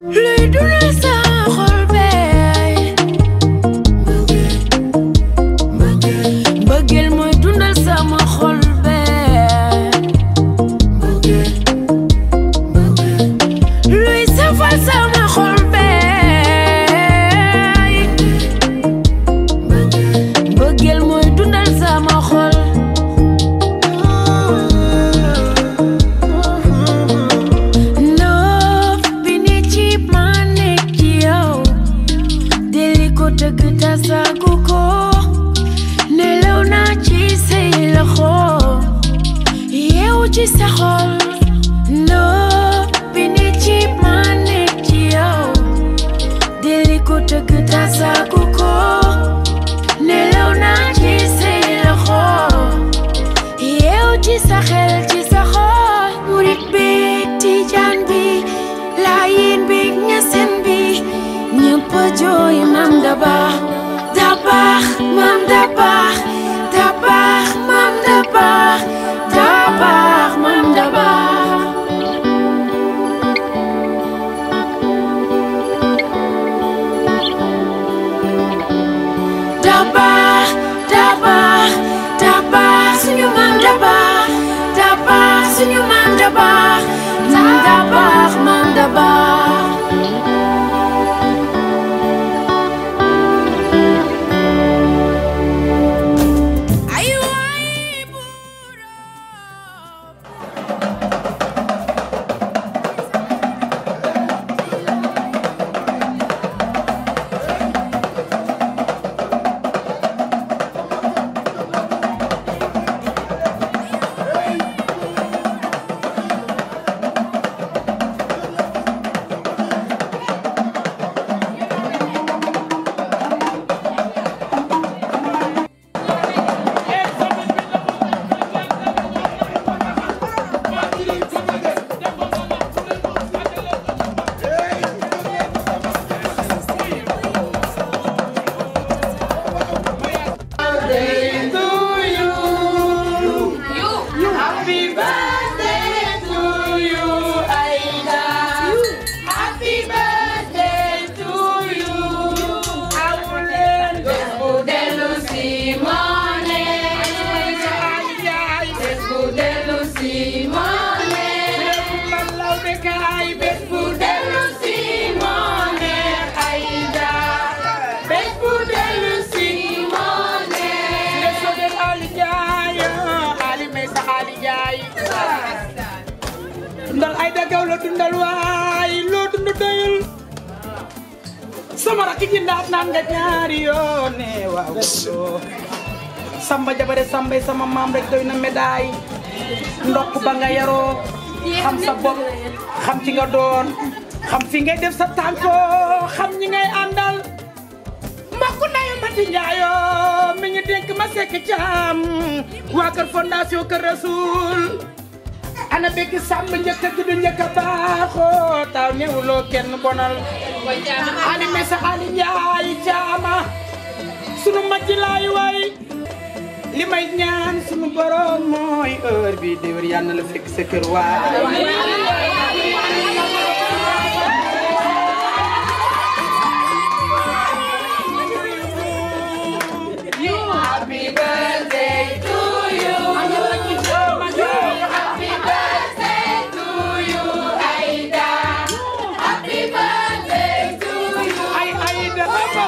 luy dul ci sa xol loo bi ne ci man nekk ci yow deli ko tëgg tasaaku ko nelaw naa ci lo loxo yeew ci sa xel ci sa xol murit bi tijaan bi laayin bi ñasen bi ñëpp jooy nam da baa dapat dapat dapat senyuman dapat dapat senyuman dapat dapat Aida Gawlo dundal waay lo dund doyul sama rakk ji ndaat naan nga ñaari yoon ne waaw samba jabare sambay sama mam rek doy na médaille ndokk ba iya, nga yaroo xam sa bopp xam ci nga doon xam fi ngay def sa tànko xam ñi ngay àndal mbokk ndayu mati njaayo mi ñu dénk ma sekk caam waa kër fondation kër rasul ana bëgg sàmm njëkk a judd njëkk a baaxoo taw néewloo kenn bonal ali mesa ali njaay jaama sunu majji laay way li may ñaan sunu borom mooy heure bi déwér yàlla na la fekk sa kër waay ko bëgg.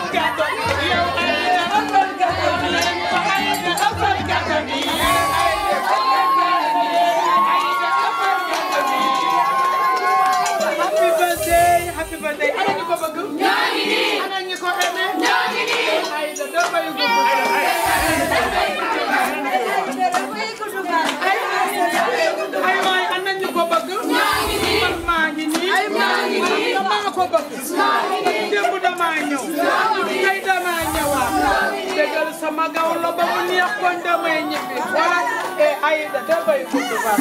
maa ngi nii maa ngi nii. maa ngi nii maa ko bëgg. maa ngi nii. magno tey danaa ñëwaat dëggal sama gaw la ba mu neex kon damay ñibbi wala e ayida dabay gudd fan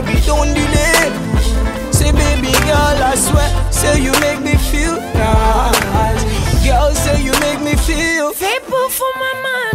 baby, don't delay. Say, baby girl, I swear, say you make me feel nice. Girl, say you make me feel. Faithful for my mind.